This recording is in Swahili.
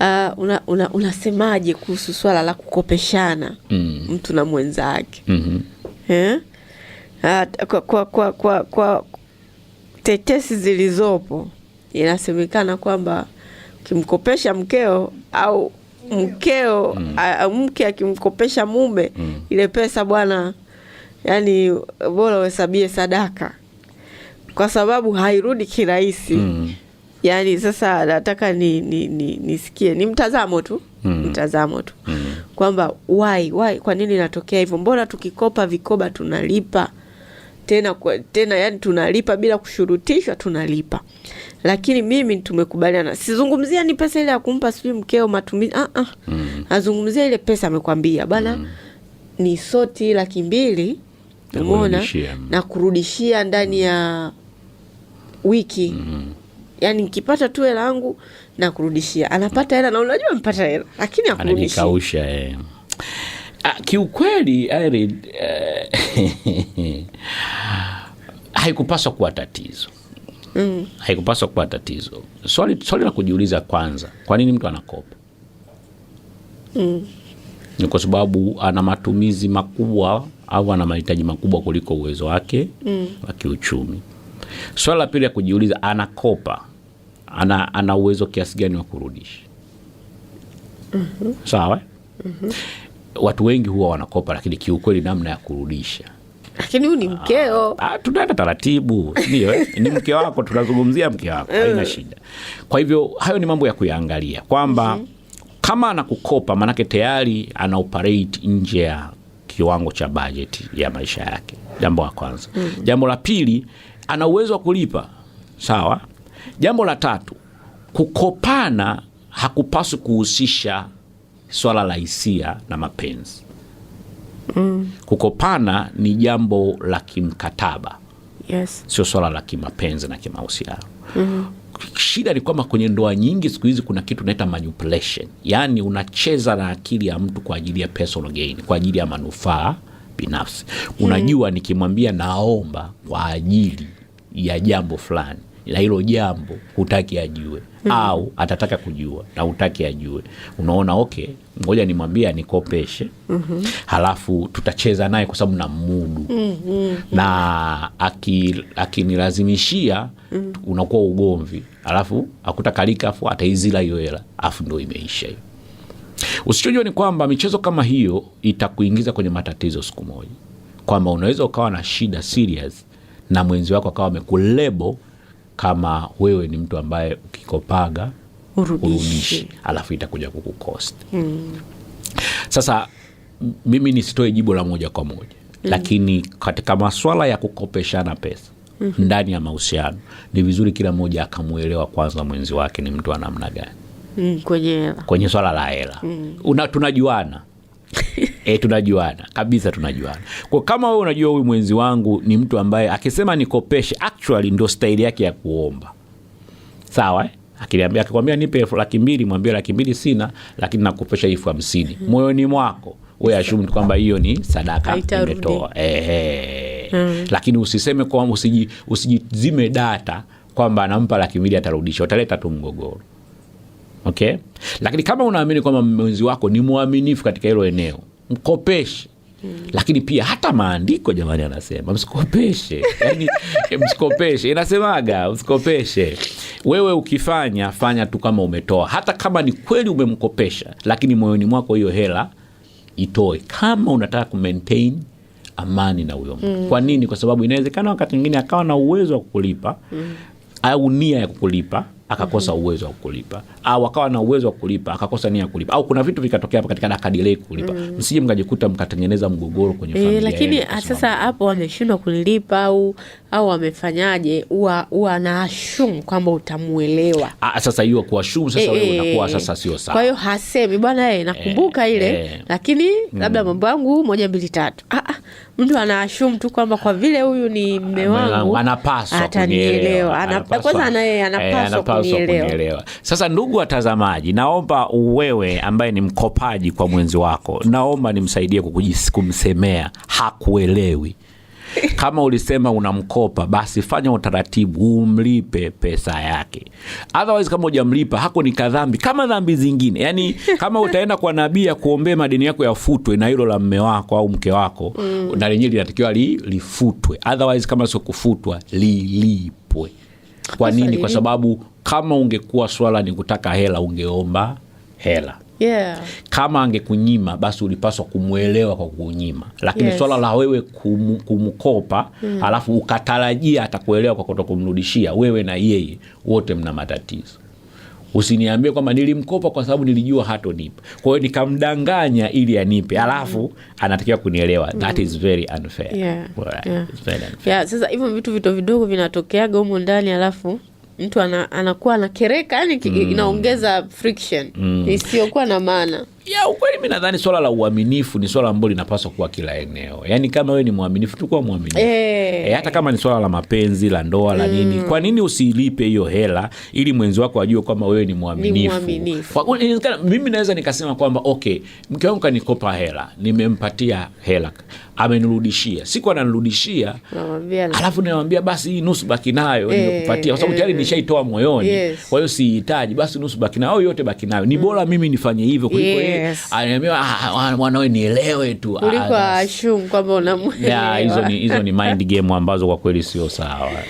uh, eh, unasemaje una, una kuhusu swala la kukopeshana mm. mtu na mwenzake mm -hmm. uh, kwa, kwa, kwa, kwa, kwa tetesi zilizopo inasemekana kwamba ukimkopesha mkeo au mkeo mm. a, mke akimkopesha mume mm. ile pesa bwana, yani bora uhesabie sadaka kwa sababu hairudi kirahisi mm yani sasa nataka ni, ni, ni, nisikie ni mtazamo tu mm. mtazamo tu mm. kwamba wai wai kwa nini inatokea hivyo? Mbona tukikopa vikoba tunalipa tena kwa, tena yani tunalipa bila kushurutishwa, tunalipa lakini mimi tumekubaliana. Sizungumzia ni pesa ile ya kumpa sijui mkeo matumizi ah, ah. Mm. Azungumzia ile pesa amekwambia bana mm. ni soti laki mbili umeona na kurudishia ndani mm. ya hmm. wiki mm yani nikipata tu hela yangu na kurudishia. Anapata hela na unajua mpata hela, lakini akurudishia eh. ah, Kiukweli Irene eh, haikupaswa kuwa tatizo mm. Haikupaswa kuwa tatizo. Swali swali la kujiuliza kwanza, kwa nini mtu anakopa? mm. Ni kwa sababu ana matumizi makubwa au ana mahitaji makubwa kuliko uwezo wake mm. wa kiuchumi. Swala la pili la kujiuliza, anakopa ana, ana uwezo kiasi gani wa kurudisha. mm -hmm. Sawa. mm -hmm. Watu wengi huwa wanakopa, lakini kiukweli namna ya kurudisha lakini huyu ni ah, mkeo, ah, tunaenda taratibu, ndio eh? ni mke wako, tunazungumzia mke wako, haina eh. shida. Kwa hivyo hayo ni mambo ya kuyaangalia kwamba mm -hmm. kama anakukopa, maanake tayari ana operate nje ya kiwango cha bajeti ya maisha yake, jambo la kwanza mm -hmm. jambo la pili, ana uwezo wa kulipa sawa, Jambo la tatu, kukopana hakupaswi kuhusisha swala la hisia na mapenzi. Mm. Kukopana ni jambo la kimkataba, yes. Sio swala la kimapenzi na kimahusiano. Mm -hmm. Shida ni kwamba kwenye ndoa nyingi siku hizi kuna kitu naita manipulation, yaani unacheza na akili ya mtu kwa ajili ya personal gain, kwa ajili ya manufaa binafsi. Mm-hmm. Unajua, mm. nikimwambia naomba kwa ajili ya jambo fulani la hilo jambo hutaki ajue mm. au atataka kujua na hutaki ajue, unaona ok ngoja nimwambie anikopeshe mm -hmm. halafu tutacheza naye kwa sababu na mudu mm hmm, -hmm. na akinilazimishia aki mm -hmm. unakuwa ugomvi, alafu akutakalika, afu ataizila hiyo hela, afu ndo imeisha hiyo. Usichojua ni kwamba michezo kama hiyo itakuingiza kwenye matatizo siku moja, kwamba unaweza ukawa na shida serious na mwenzi wako akawa amekulebo kama wewe ni mtu ambaye ukikopaga urudishi, alafu itakuja kukukost mm. Sasa mimi nisitoe jibu la moja kwa moja mm. Lakini katika maswala ya kukopeshana pesa mm -hmm. ndani ya mahusiano ni vizuri kila mmoja akamwelewa kwanza mwenzi wake ni mtu wa namna gani mm, kwenye swala la hela mm. tunajuana E, tunajuana kabisa, tunajuana k kama wewe unajua huyu mwenzi wangu ni mtu ambaye akisema nikopeshe, actually ndo staili yake ya kuomba, sawa eh? Akiniambia, akikwambia nipe elfu laki mbili, mwambie laki mbili sina, lakini nakukopesha elfu hamsini mhm. moyoni mwako we ashumu kwamba hiyo ni sadaka umetoa, ehe, mhm. lakini usiseme kwa usiji, usijizime data kwamba anampa laki mbili atarudisha, utaleta tu mgogoro okay. Lakini kama unaamini kwamba mwenzi wako ni mwaminifu katika hilo eneo mkopeshe Hmm. Lakini pia hata maandiko jamani, anasema msikopeshe, yani msikopeshe, inasemaga msikopeshe. Wewe ukifanya fanya tu kama umetoa, hata kama ni kweli umemkopesha, lakini moyoni mwako hiyo hela itoe, kama unataka ku amani na huyo mtu hmm. Kwa nini? Kwa sababu inawezekana wakati mwingine akawa na uwezo wa kukulipa hmm. au nia ya kukulipa akakosa uwezo wa kulipa, au akawa na uwezo wa kulipa akakosa nia ya kulipa, au kuna vitu vikatokea katika dakadelei kulipa, mm. msije mm. mkajikuta mkatengeneza mgogoro kwenye eh, familia e, lakini sasa hapo wameshindwa kulipa au au wamefanyaje, huwa huwa anaashumu kwamba utamuelewa. Ah, sasa hiyo shum sasa, e, wewe eh, unakuwa sasa sio sawa. Kwa hiyo hasemi bwana, yeye nakumbuka e, ile e, lakini mm. labda mambo yangu moja mbili tatu ah, ah mtu anaashumu tu kwamba kwa vile huyu ni mme wangu anapaswa kunielewa. Kwanza anaye anapaswa eh, kunielewa. Sasa ndugu watazamaji, naomba wewe ambaye ni mkopaji kwa mwenzi wako, naomba nimsaidie kwa kumsemea hakuelewi kama ulisema unamkopa, basi fanya utaratibu umlipe pesa yake, otherwise kama hujamlipa hako ni kadhambi kama dhambi zingine. Yani kama utaenda kwa nabii ya kuombea madeni yako yafutwe, na hilo la mme wako au mke wako mm. na lenyewe linatakiwa li, lifutwe, otherwise kama sio kufutwa lilipwe. Kwa nini? Kwa sababu kama ungekuwa swala ni kutaka hela ungeomba hela yeah. Kama angekunyima basi ulipaswa kumwelewa kwa kunyima, lakini yes. Swala la wewe kum, kumkopa mm. alafu ukatarajia atakuelewa kwa kumrudishia wewe na yeye wote mna matatizo. Usiniambie kwamba nilimkopa kwa sababu nilijua hatonipa, kwa hiyo nikamdanganya ili anipe, hmm. alafu anatakiwa kunielewa. Hmm. That is very unfair. Sasa hivyo vitu vito vidogo vinatokeaga humu ndani, alafu mtu anakuwa anakereka yani, mm. inaongeza friction mm. isiyokuwa na maana ya ukweli, mi nadhani swala la uaminifu ni swala ambalo linapaswa kuwa kila eneo. Yaani, kama wewe ni mwaminifu, tukuwa mwaminifu hey. Eh. E, eh, hata kama ni swala la mapenzi, la ndoa, la nini mm. kwa nini usilipe hiyo hela ili mwenzi wako ajue kwamba wewe ni mwaminifu? Mimi naweza nikasema kwamba okay, mke wangu kanikopa hela, nimempatia hela, amenirudishia, siku ananirudishia, alafu nawambia basi hii nusu baki nayo e, nimekupatia kwa sababu tayari nishaitoa moyoni, yes. kwa hiyo sihitaji, basi nusu baki nayo au yote baki nayo, ni mm. bora mm. mimi nifanye hivyo kuliko yeye yes. aliniambia ah, mwanawe ah, ah, ah, kwamba unamwelewa ni, ni mind game ambazo kwa kweli sio sawa